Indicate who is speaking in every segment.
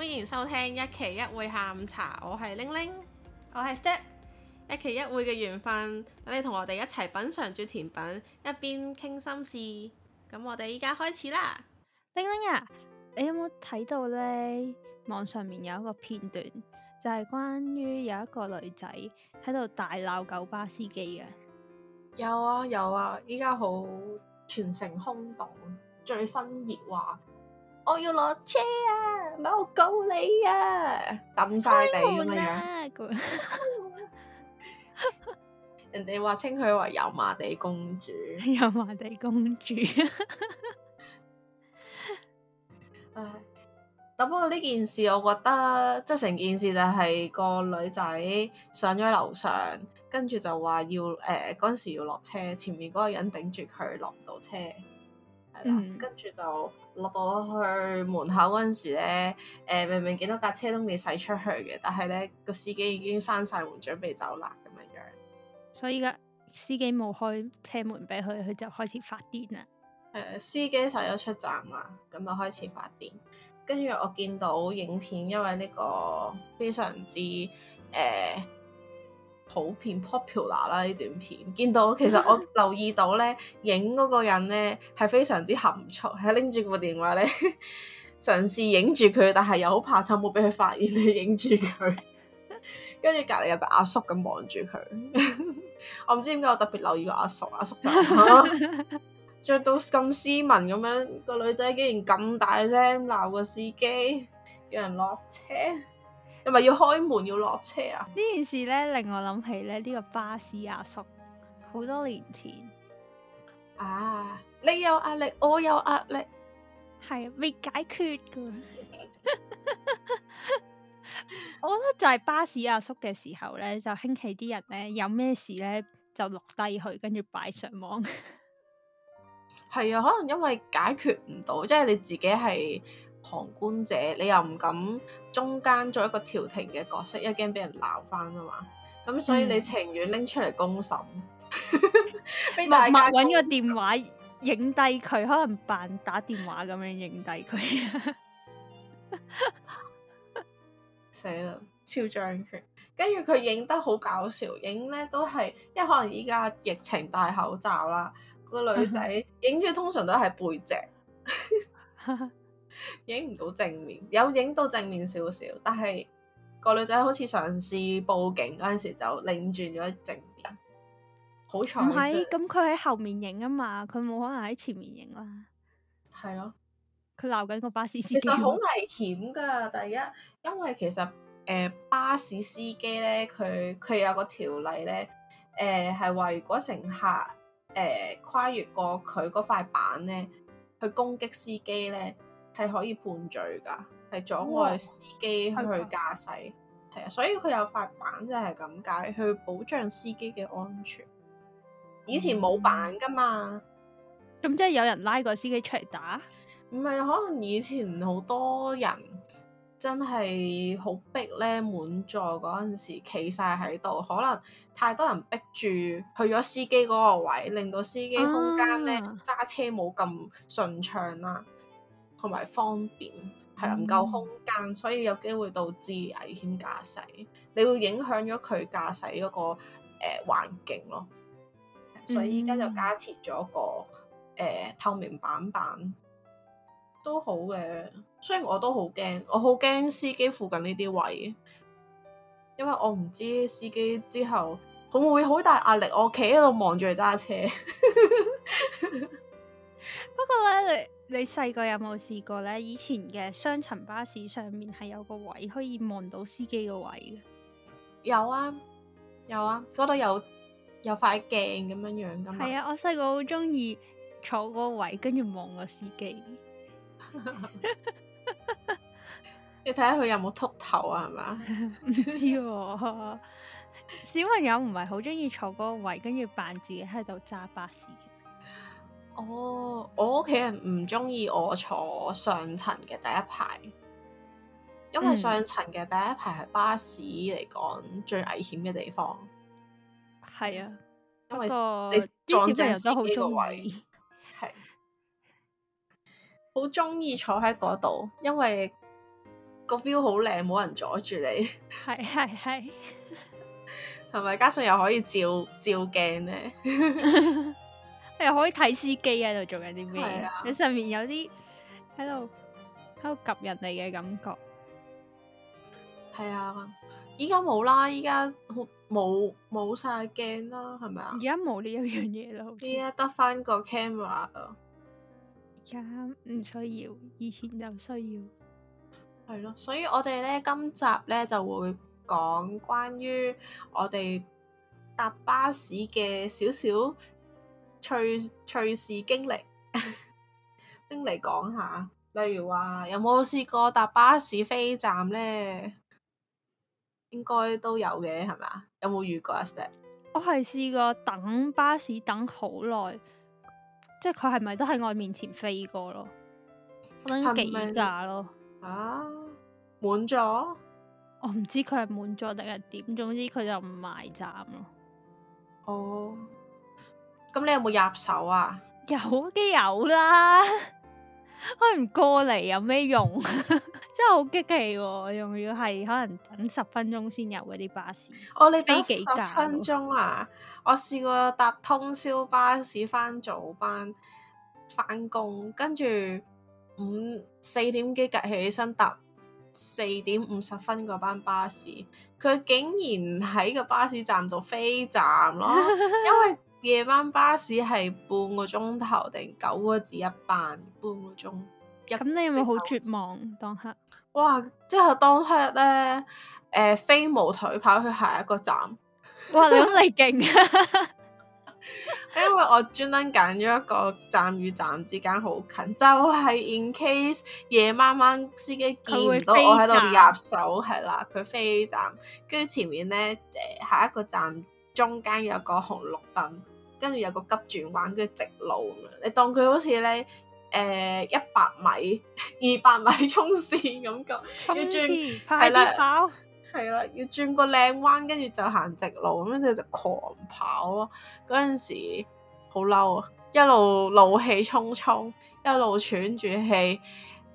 Speaker 1: 歡迎收聽一期一會下午茶，我係玲玲，我係是 Step，一期一會嘅緣分，等你同我哋一齊品嘗住甜品，一邊傾心事。咁我哋依家開始啦。玲玲啊，
Speaker 2: 你有冇睇到呢？網上面有一個片段，就係、是、關於有一個女仔喺度
Speaker 1: 大鬧九巴司機嘅、啊。有啊有啊，依家好全城轟動，最新熱話。我要落車啊！唔係我告你啊，抌晒地咁樣 人哋話稱佢為油麻地公主，油
Speaker 2: 麻地公
Speaker 1: 主。 唉，但不過呢件事，我覺得即係成件事就係個女仔上咗樓上，跟住就話要誒嗰陣時要落車，前面嗰個人頂住佢落唔到車。跟住、嗯、就落到去門口嗰陣時咧，誒、呃、明明見到架車都未駛出去嘅，但係咧，個司機已經閂晒門準備走啦，咁嘅樣。
Speaker 2: 所以而家司機冇開車門俾佢，佢就開始發癲啦。
Speaker 1: 誒、呃，司機駛咗出站啦，咁就開始發癲。跟住我見到影片，因為呢個非常之誒。呃普遍 popular 啦呢段片，見到其實我留意到咧，影嗰 個人咧係非常之含蓄，係拎住部電話咧嘗試影住佢，但係又好怕醜冇俾佢發現你影住佢。跟住隔離有個阿叔咁望住佢， 我唔知點解我特別留意個阿叔，阿叔就着到咁斯文咁樣，個女仔竟然咁大聲鬧個司機，有人落車。係咪要開門要落車啊？呢件事咧令我諗起
Speaker 2: 咧呢、這個巴士阿叔好多年前啊，你有壓力，我有壓力，係未、啊、解決㗎。 我覺得就係巴士阿叔嘅時候咧，就興起啲人咧有咩事咧就落低去，跟住擺上網。
Speaker 1: 係 啊，可能因為解決唔到，即、就、係、是、你自己係。旁觀者，你又唔敢中間做一個調停嘅角色，一驚俾人鬧翻啊嘛！咁所以你情願拎出嚟公審，默默搵個電話影
Speaker 2: 低佢，可能扮打電話咁樣影低佢。
Speaker 1: 死 啦！超張權，跟住佢影得好搞笑，影咧都係，因為可能依家疫情戴口罩啦，個女仔影住通常都係背脊。 影唔到正面，有影到正面少少，但係、個女仔好似嘗試報警嗰陣時就擰轉咗正面，好彩，唔係
Speaker 2: 咁，佢喺的後面影啊嘛，佢冇可能喺前面影啦。
Speaker 1: 係咯、啊，佢鬧緊個巴士司機。其實好危險噶，第一，因為其實誒、呃、巴士司機咧，佢佢有個條例咧，誒係話如果乘客誒、呃、跨越過佢嗰塊板咧，去攻擊司機咧。係可以判罪噶係阻礙司機去駕駛，係啊、哦，所以佢有塊板就係咁解，去保障司機嘅安全。以前冇板噶嘛，咁、嗯嗯嗯、即係有人拉個司機出嚟打？唔係，可能以前好多人真係好逼咧，滿座嗰陣時企晒喺度，可能太多人逼住去咗司機嗰個位，令到司機空間咧揸、啊、車冇咁順暢啦、啊。同埋方便，係唔夠空間，嗯、所以有機會導致危險駕駛。你會影響咗佢駕駛嗰個誒環、呃、境咯。所以依家就加設咗個誒、呃、透明板板，都好嘅。雖然我都好驚，我好驚司機附近呢啲位，因為我唔知司機之後會唔會好大壓力。我企喺度望住佢揸車。
Speaker 2: 不過咧，你。你細個有冇試過咧？以前嘅雙層巴士上面係有個位可以望到司機個位嘅。有啊，有啊，嗰度有有塊鏡咁樣樣噶嘛。係啊，我細個好中意坐嗰個位，跟住望個司機。 你
Speaker 1: 睇下佢有冇禿頭啊？係嘛？
Speaker 2: 唔 知喎、啊。小朋友唔係好中意坐嗰個位，跟住扮自己喺度揸巴士。
Speaker 1: 哦，我屋企人唔中意我坐上層嘅第一排，
Speaker 2: 因為上
Speaker 1: 層嘅第一排係巴士嚟講最危險嘅地方。係啊，
Speaker 2: 因為啲小朋友都好中意，係
Speaker 1: 好中意坐喺嗰度，因為個 view 好靚，冇人阻住你，係係係，同埋加上又可以照照鏡咧。 你可以睇司機喺度做
Speaker 2: 緊啲咩？你上面有啲喺度喺度夾人嚟嘅感覺。
Speaker 1: 係啊，依家冇啦，依家冇冇曬鏡啦，係咪啊？而家冇呢一樣嘢啦，好似而家得翻個 camera 啊。而家唔需要，以前就需要。係咯，所以我哋咧今集咧就會講關於我哋搭巴士嘅少少。隨隨事經歷，經嚟講下，例如話有冇試過搭巴士飛站呢？應該都有嘅，係咪？有冇遇過啊？Sir，
Speaker 2: 我係試過等巴士等好耐，即係佢係咪都喺我面前飛過咯？
Speaker 1: 等幾架
Speaker 2: 咯？啊，滿咗？我唔知佢係滿咗定係點，總之佢就唔埋站咯。哦。Oh. 咁你有冇入手啊？有，梗有啦， 我唔過嚟有咩用？ 真係好激氣。哦，仲要係可能等十分鐘先有嗰啲巴士。哦，你等十分
Speaker 1: 鐘啊！我試過搭通宵巴士翻早班翻工，跟住五四點幾起身搭四點五十分嗰班巴士，佢竟然喺個巴士站做飛站咯， 因為。夜班巴士係半個鐘頭定九個字一班，半個鐘。咁你有冇好絕望當刻時，哇！即係當刻咧，誒、呃，飛毛腿跑去下一個站。哇！你咁你勁啊！ 因為我專登揀咗一個站與站之間好近， 就係 in case 夜晚晚司機見唔到我喺度入手係啦，佢飛站，跟住前面咧，誒，下一個站中間有個紅綠燈。跟住有個急轉彎，跟住直路咁樣。你當佢好似咧，誒一百米、二百米衝線咁，咁要轉係啦，係啦，要轉個靚彎，跟住就行直路咁樣，就就狂跑咯。嗰陣時好嬲啊，一路怒氣沖沖，一路喘住氣，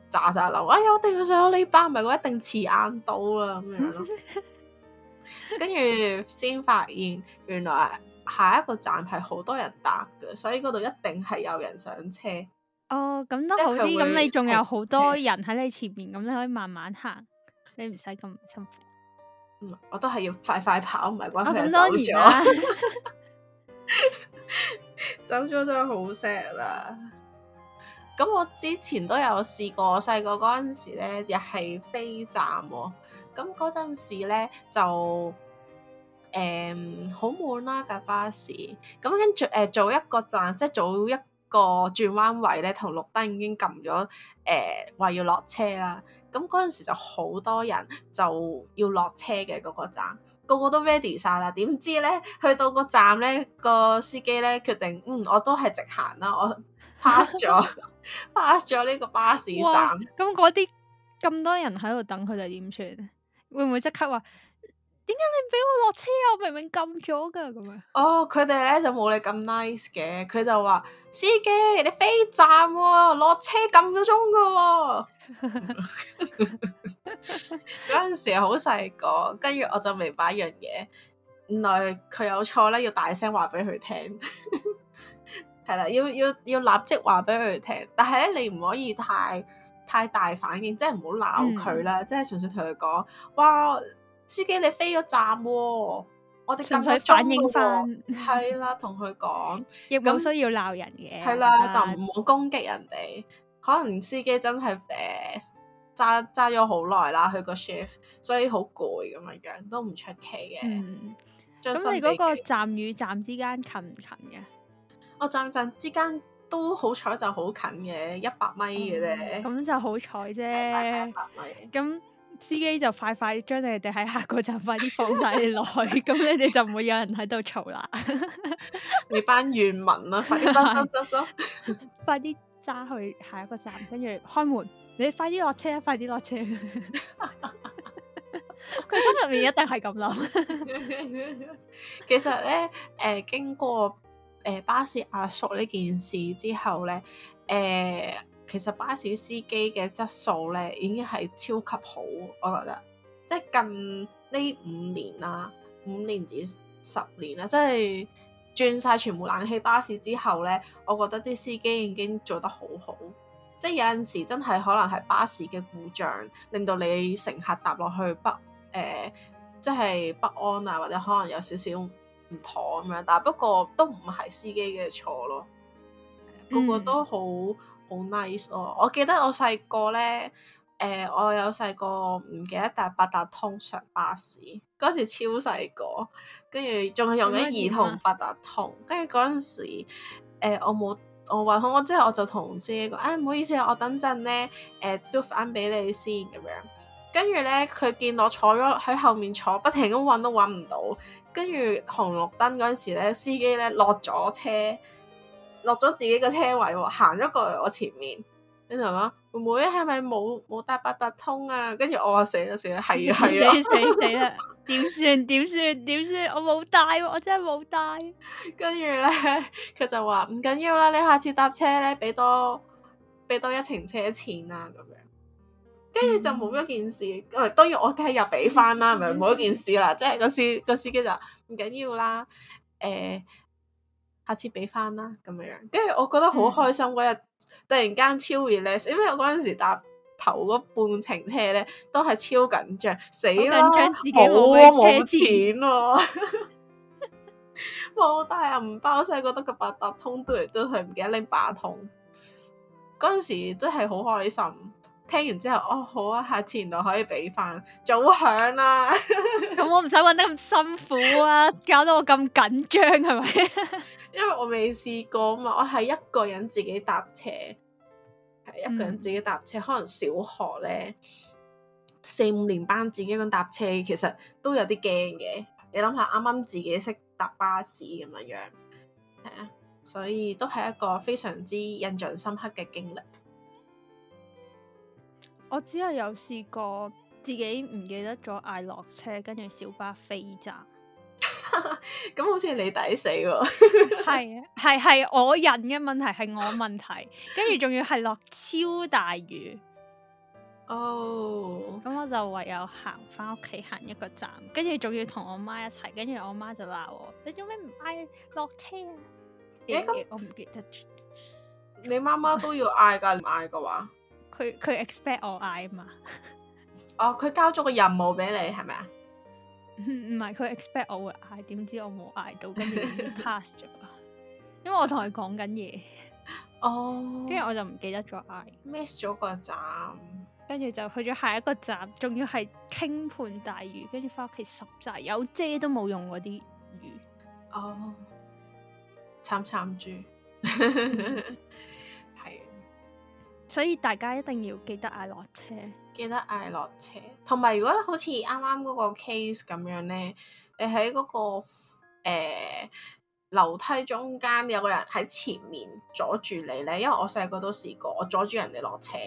Speaker 1: 咋咋流。哎呀，我一定要上咗呢班，咪，我一定遲硬到啦咁樣咯。 跟住先發現原，原來。下一個站係好多人搭嘅，所以嗰度一定係有人上車。
Speaker 2: 哦，咁都好啲。咁你仲有好多人喺你前面，咁車你可以慢慢行，你唔使咁辛苦。
Speaker 1: 我都係要快快跑，唔係關佢走咗
Speaker 2: 了。
Speaker 1: 走咗真係好 sad 啦。咁我之前都有試過，細個嗰陣時咧，就係飛站喎。咁嗰陣時咧就。誒好悶啦架巴士，咁跟住誒早一個站，即係早一個轉彎位咧，同綠燈已經撳咗誒話要落車啦。咁嗰陣時就好多人就要落車嘅嗰、那個站，個個都 ready 晒啦。點知咧去到個站咧，個司機咧決定，嗯，我都係直行啦，我 pass 咗 pass 咗呢個巴士站。咁嗰啲咁多人喺度等，
Speaker 2: 佢哋點算？會唔會即刻話？點解你唔俾我落車啊？我明明撳咗噶咁樣。
Speaker 1: 哦，佢哋咧就冇你咁 nice 嘅，佢就話 司機，你飛站喎，哦，落車撳咗鐘噶。嗰陣 時好細個，跟住我就明白一樣嘢。原來佢有錯咧，要大聲話俾佢聽。係 啦， 要要要立即話俾佢聽。但係咧，你唔可以太太大反應，即係唔好鬧佢啦。即係純粹同佢講，哇！司機你飛咗站了，我哋盡佢反應翻。係啦，同佢講，亦都 唔需要鬧人嘅。係啦那，就唔好攻擊人哋。啊、可能司機真係誒揸揸咗好耐啦，去個 shift，所以好攰咁樣樣，都唔出奇嘅。嗯，
Speaker 2: 咁你嗰個站與站之間近
Speaker 1: 唔近嘅？我站站之間都好彩就好近嘅，一百米嘅啫。咁、
Speaker 2: 嗯、就好彩啫，一百米。咁司機就快快將你哋喺下個站快啲放晒你落去，咁 你哋就唔會有人喺
Speaker 1: 度嘈啦。 你班怨民啦， 快啲
Speaker 2: 快啲揸去下一個站，跟住開門，你快啲落車，快啲落車。
Speaker 1: 佢心入面一定係咁諗。其實咧，誒、呃，經過誒、呃、巴士阿叔呢件事之後咧，誒、呃。其實巴士司機嘅質素咧已經係超級好，我覺得。即係近呢五年啦，五年至十年啦，即係轉晒全部冷氣巴士之後咧，我覺得啲司機已經做得好好。即係有陣時真係可能係巴士嘅故障，令到你乘客搭落去不誒、呃，即係不安啊，或者可能有少少唔妥咁樣。但不過都唔係司機嘅錯咯。個個都好好 nice 咯、哦！我記得我細個咧，誒、呃、我有細個唔記得搭八達通上巴士，嗰時超細個，跟住仲係用緊兒童八達通，嗯、跟住嗰陣時我冇我揾好，我之後我，我就同司機講：誒、哎、唔好意思，我等陣咧誒都返俾你先咁樣。跟住咧佢見我坐咗喺後面坐，不停咁揾都揾唔到，跟住紅綠燈嗰陣時咧司機咧落咗車。落咗自己個車位，行咗過我前面，跟住我話：妹妹係咪冇冇帶八達通啊？跟住我話死咗 算，係啊係啊，死死死啦！點算點算點算？我冇帶、啊，我真係冇帶、啊。跟住咧，佢就話唔緊要啦，你下次搭車咧，俾多俾多一程車錢啊，咁樣。跟住就冇咗件事、嗯，當然我聽日俾翻啦，咪冇咗件事啦。即係個，個司個司機就唔緊要啦，誒。下次俾翻啦，咁樣樣，跟住我覺得好開心嗰日的，突然間超 relax，因為我嗰陣時搭頭嗰半程車咧，都係超緊張，死啦，好冇、啊啊、錢喎、啊，冇帶又唔包，所以覺得個八達通都嚟都係唔記得拎八達通，嗰時真係好開心。聽完之後，哦，好啊，下次原來可以俾翻早響啦，啊。咁 我唔使搵得咁辛苦啊，搞到我咁緊張係咪？ 因為我未試過啊嘛，我係一個人自己搭車，係一個人自己搭車，嗯，可能小學咧四五年班自己咁搭車，其實都有啲驚嘅。你諗下，啱啱自己識搭巴士咁樣樣，係啊，所以都係一個非常之印象深刻嘅經歷。
Speaker 2: 我只係有試過自己唔記得咗嗌落車，跟住小巴飛站。
Speaker 1: 咁 好似你抵死喎！
Speaker 2: 係 啊，係係我人嘅問題，係我問題，跟住仲要係落超大雨。哦、
Speaker 1: oh. 嗯，咁我就
Speaker 2: 唯有行翻屋企行一個站，跟住仲要同我媽一齊，跟住我媽就鬧我：你做咩唔嗌落車啊？
Speaker 1: 誒、欸欸、我唔記得。
Speaker 2: 住。
Speaker 1: 你媽媽」你媽媽都要嗌噶，唔嗌嘅話。佢佢 expect 我嗌吖嘛？哦，佢交咗個任務俾你係咪啊？
Speaker 2: 唔唔係，佢、嗯、expect 我會嗌，點知我冇嗌到跟住 pass 咗， 因為我同佢講緊嘢。哦，跟住我就唔記得咗嗌，miss 咗個站，跟住就去咗下一個站，仲要係傾盆大雨，跟住翻屋企十站有遮都冇用嗰啲雨。
Speaker 1: 哦，oh，慘慘豬。
Speaker 2: 所以大家一定要記得嗌落車，
Speaker 1: 記得嗌落車。同埋如果好似啱啱嗰個 case 咁樣咧，你喺嗰、嗰個誒、呃、樓梯中間有個人喺前面阻住你咧，因為我細個都試過，我阻住人哋落車，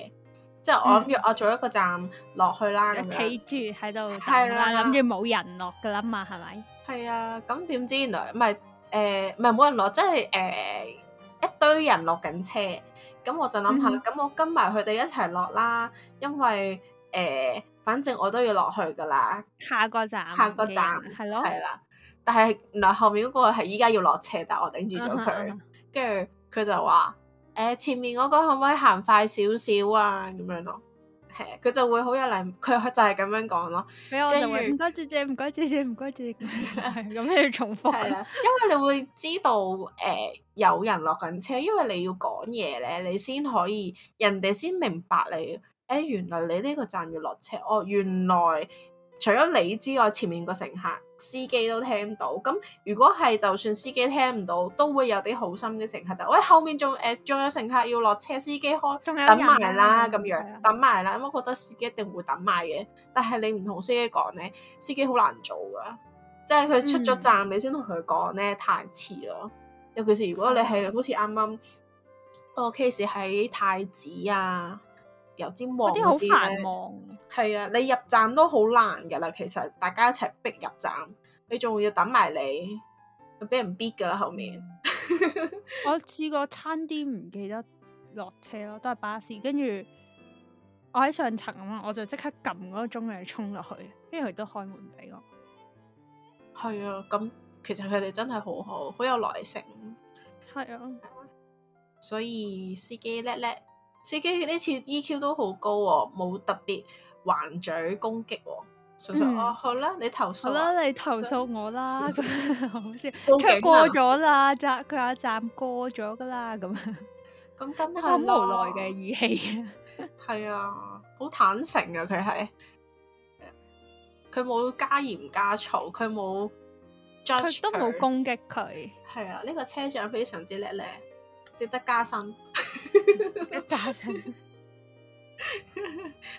Speaker 1: 即係我諗住、嗯、我做一個站落去啦，企住喺度，係啦樣，諗住冇人落噶啦嘛，係咪？係啊，咁點知原來唔係誒，唔係冇人落，即係誒一堆人落緊車。咁我就諗下，咁、嗯、哼我跟埋佢哋一齊落啦，因為誒、呃，反正我都要落去噶啦。下個站。下個站係咯，係啦的。但係原來後面嗰個係依家要落車，但係我頂住咗佢，跟住佢就話：誒、嗯哼呃，前面嗰個可唔可以行快少少啊？咁樣咯。佢就會好有禮，佢就係咁樣講咯，俾給我唔該著姐姐，唔
Speaker 2: 該姐姐，姐，姐姐，唔該姐
Speaker 1: 姐，咁 樣要重複。係啊，因為你會知道誒、呃嗯、有人落緊車，因為你要講嘢咧，你先可以人哋先明白你。誒、欸，原來你呢個站要落車，哦，原來。除咗你之外，前面個乘客、司機都聽到。咁如果係就算司機聽唔到，都會有啲好心嘅乘客就：喂，後面仲誒仲有乘客要落車，司機開、啊、等埋啦咁樣，等埋啦。咁對 我覺得司機一定會等埋嘅。但係你唔同司機講咧，司機好難做噶，即係佢出咗站、嗯、你先同佢講咧，太遲咯。尤其是如果你係好似啱啱個 case 喺太子啊。油尖旺嗰啲好繁忙，係啊，你入站都好難噶啦。其實大家一齊逼入站，你仲要等埋你，俾人逼噶啦。後面
Speaker 2: 我試過差啲唔記得落車咯，都係巴士。跟住我喺上層咁啊，我就即刻撳嗰個鐘嚟
Speaker 1: 衝落去，跟住佢都開門俾我。係啊，咁其實佢哋真係好好，好有耐性。
Speaker 2: 係啊的，
Speaker 1: 所以司機叻叻。司機呢次 EQ 都好高喎。哦，冇特別橫嘴攻擊。哦。想想、嗯、哦，好啦，你投訴啦，啊，你投訴
Speaker 2: 我啦。素素笑好笑，啊、出過咗啦，站佢下站過咗噶啦，咁、嗯、
Speaker 1: 啊。咁好無奈嘅語氣。係啊，好坦誠啊，佢係。佢冇加鹽加醋，佢冇
Speaker 2: judge 都冇攻
Speaker 1: 擊佢。係啊，呢個車長非常之叻叻，值得加薪。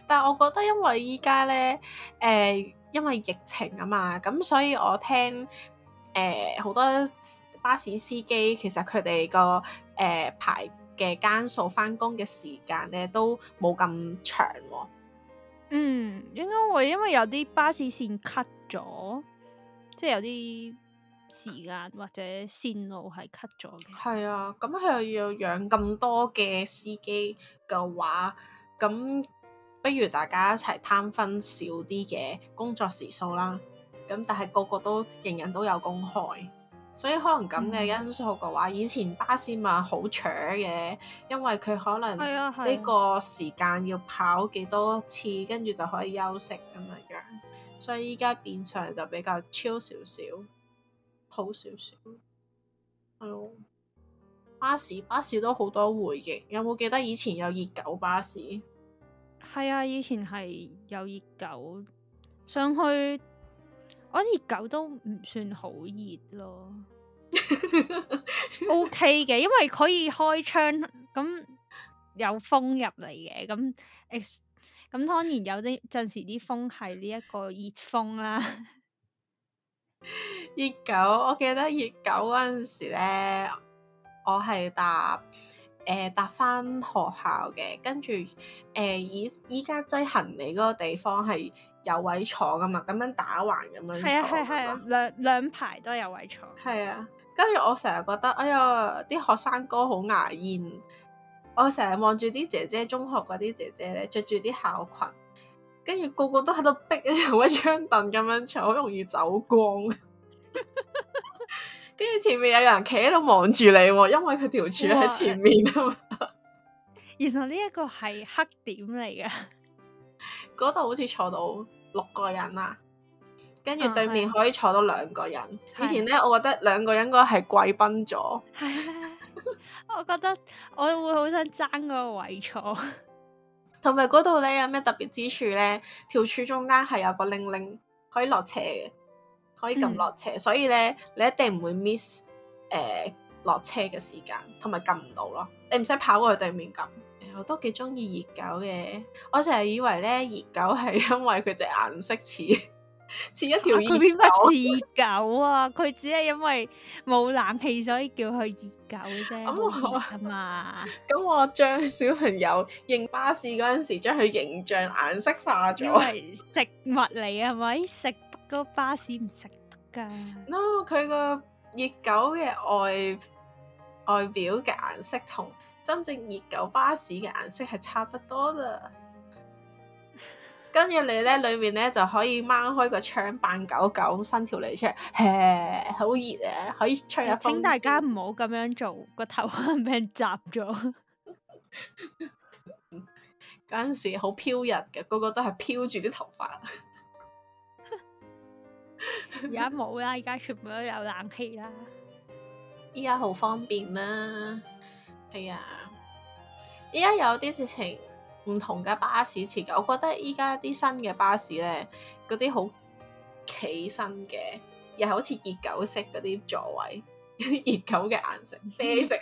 Speaker 1: 但係我覺得因為依家咧，誒、呃，因為疫情啊嘛，咁所以我聽誒好、呃、多巴士司機，其實佢哋個誒排嘅間數翻工嘅時間咧都冇咁長、哦。嗯，
Speaker 2: 應該會
Speaker 1: 因為有啲巴士線 cut 咗，
Speaker 2: 即係有啲。時間
Speaker 1: 或者線路係 cut 咗嘅，係啊，咁佢又要養咁多嘅司機嘅話，咁不如大家一齊攤分少啲嘅工作時數啦。咁但係個個都人人都有工開，所以可能咁嘅因素嘅話，嗯、以前巴士咪好扯嘅，因為佢可能呢個時間要跑幾多次，嗯、跟住就可以休息咁樣樣。所以依家變相就比較超少少。好少少，係巴士，巴士都好多回憶，有冇記得以前有熱狗巴士？係啊，以前係有熱狗
Speaker 2: 上去，我熱狗都唔算好熱咯 ，OK 嘅，因為可以開窗，咁有風入嚟嘅，咁咁當然有啲陣時啲風
Speaker 1: 係呢一個熱風啦。熱狗，我記得熱狗嗰陣時咧，我係搭誒、呃、搭翻學校嘅，跟住誒以依家擠行李嗰個地方係有位坐噶嘛，咁樣打橫咁樣坐，係啊，係啊，
Speaker 2: 兩兩排都有位坐。係
Speaker 1: 啊，跟住我成日覺得哎呀，啲學生哥好牙煙，我成日望住啲姐姐，中學嗰啲姐姐咧着住啲校裙。跟住個個都喺度逼，好似一張凳咁樣坐，好容易走光。跟 住前面有人企喺度望住你，因為佢條柱喺前面啊嘛。哇 原來呢一個係黑點嚟嘅，嗰度好似坐到六個人啊！跟住對面可以坐到兩個人。啊、以前咧，我覺得兩個人應該係貴賓座。係啊，我覺得我會好想爭嗰個位坐。同埋嗰度咧有咩特別之處咧？條柱中間係有個鈴鈴可以落斜嘅，可以撳落斜。以斜嗯、所以咧你一定唔會 miss 誒落車嘅時間，同埋撳唔到咯，你唔使跑過去對面撳、呃。我都幾中意熱狗嘅，我成日以為咧，熱狗係因為佢隻顏色似。似一條熱狗，佢邊忽似狗啊？佢只係因為
Speaker 2: 冇冷氣，所以叫佢熱狗啫。咁我啊，嘛嗎，
Speaker 1: 咁我將小朋友認巴士嗰陣時，將佢形象顏色化咗。因為
Speaker 2: 食物嚟啊，係咪食得個巴士唔食得噶
Speaker 1: ？no，佢個熱狗嘅外外表嘅顏色同真正熱狗巴士嘅顏色係差不多啦。跟住你咧，裏面咧就可以掹開個窗，扮狗狗伸條脷出嚟，嘿，好熱啊！可以吹下風。請大家
Speaker 2: 唔好咁樣做，個頭啊俾人擸咗。嗰
Speaker 1: 陣 時好飄逸嘅，個個都係飄住啲頭髮。而
Speaker 2: 家冇啦，而家全部都有冷氣啦。
Speaker 1: 而家好方便啦，係啊！而家、啊、有啲事情。唔同嘅巴士設計，我覺得依家啲新嘅巴士咧，嗰啲好企身嘅，又係好似熱狗式嗰啲座位， 熱狗嘅顏色，啡色。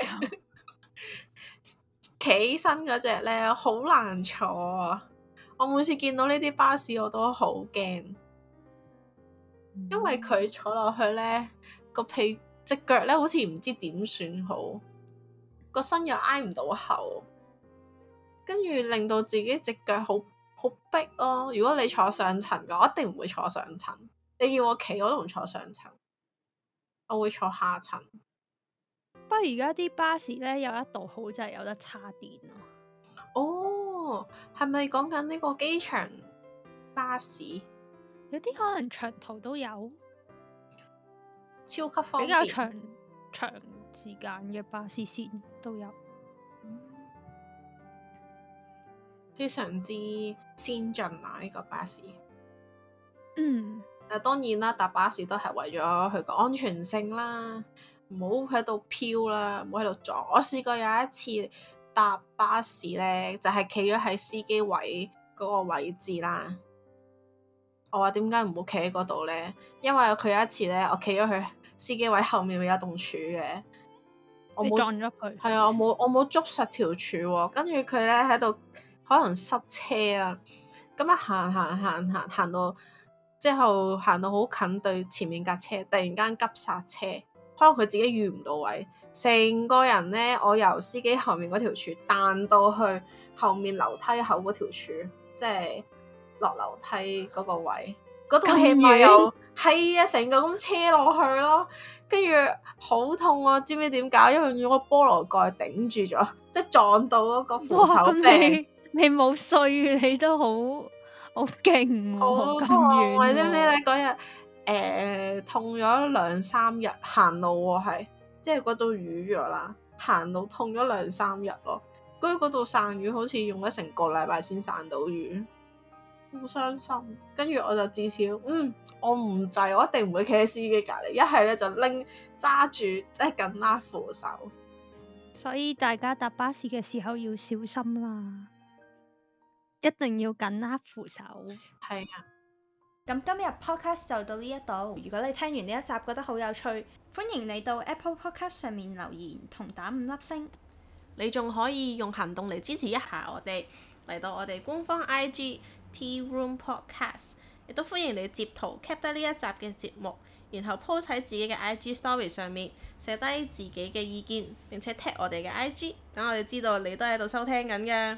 Speaker 1: 企身嗰隻咧好難坐，我每次見到呢啲巴士我都好驚，嗯、因為佢坐落去咧，個髀隻腳咧好似唔知點算好，個身又挨唔到後。跟住令到自己隻腳好好迫咯、啊。如果你坐上層嘅，我一定唔會坐上層。你叫我企我都唔坐上層，我會坐下層。
Speaker 2: 不過而家啲巴士咧有一度好就係有得叉電咯。
Speaker 1: 哦，係咪講緊呢個機場巴士？有啲可能長途都有，超級方便，比較長
Speaker 2: 長時間嘅巴士線都有。
Speaker 1: 非常之先進啊！呢、呢個巴士，嗯，誒、啊、當然啦，搭巴士都係為咗佢個安全性啦，唔好喺度飄啦，唔好喺度撞。我試過有一次搭巴士咧，就係企咗喺司機位嗰個位置啦。我話點解唔好企喺嗰度咧？因為佢有一次咧，我企咗佢司機位後面有一棟柱嘅，我冇撞咗佢。係啊，我冇我冇捉實條柱喎，跟住佢咧喺度。可能塞車啊，咁啊行行行行行到之後，行到好近對前面架車，突然間急煞車，可能佢自己預唔到位，成個人咧我由司機後面嗰條柱彈到去後面樓梯口嗰條柱，即係落樓梯嗰個位，嗰度起碼有？係啊，成個咁車落去咯，跟住好痛啊！知唔知點解？因為我菠蘿蓋頂住咗，即係撞到嗰個扶手地。你冇碎，你都、啊、好，好勁、哦啊呃哦。好啊！你知唔知咧？嗰日誒痛咗兩三日，行路係即係骨到瘀咗啦，行路痛咗兩三日咯。居嗰度散瘀，好似用咗成個禮拜先散到瘀，好傷心。跟住我就至少，嗯，我唔制，我一定唔會企喺司機隔籬，一係咧就拎揸住，即係緊拉扶手。所以大家搭巴士嘅時候要
Speaker 2: 小心啦。一定要緊握扶手。
Speaker 1: 係啊的，
Speaker 2: 咁今日 podcast 就到呢一度。如果你聽完呢一集覺得好有趣，歡迎你
Speaker 1: 到 Apple Podcast 上面留言同打五粒星。你仲可以用行動嚟，支持一下我哋，嚟到我哋官方 IG Tea Room Podcast，亦都歡迎你截圖 cap 低呢一集嘅節目，然後 post 喺自己嘅 IG Story 上面寫低自己嘅意見，並且 tag 我哋嘅 IG，等我哋知道你都喺度收聽緊嘅。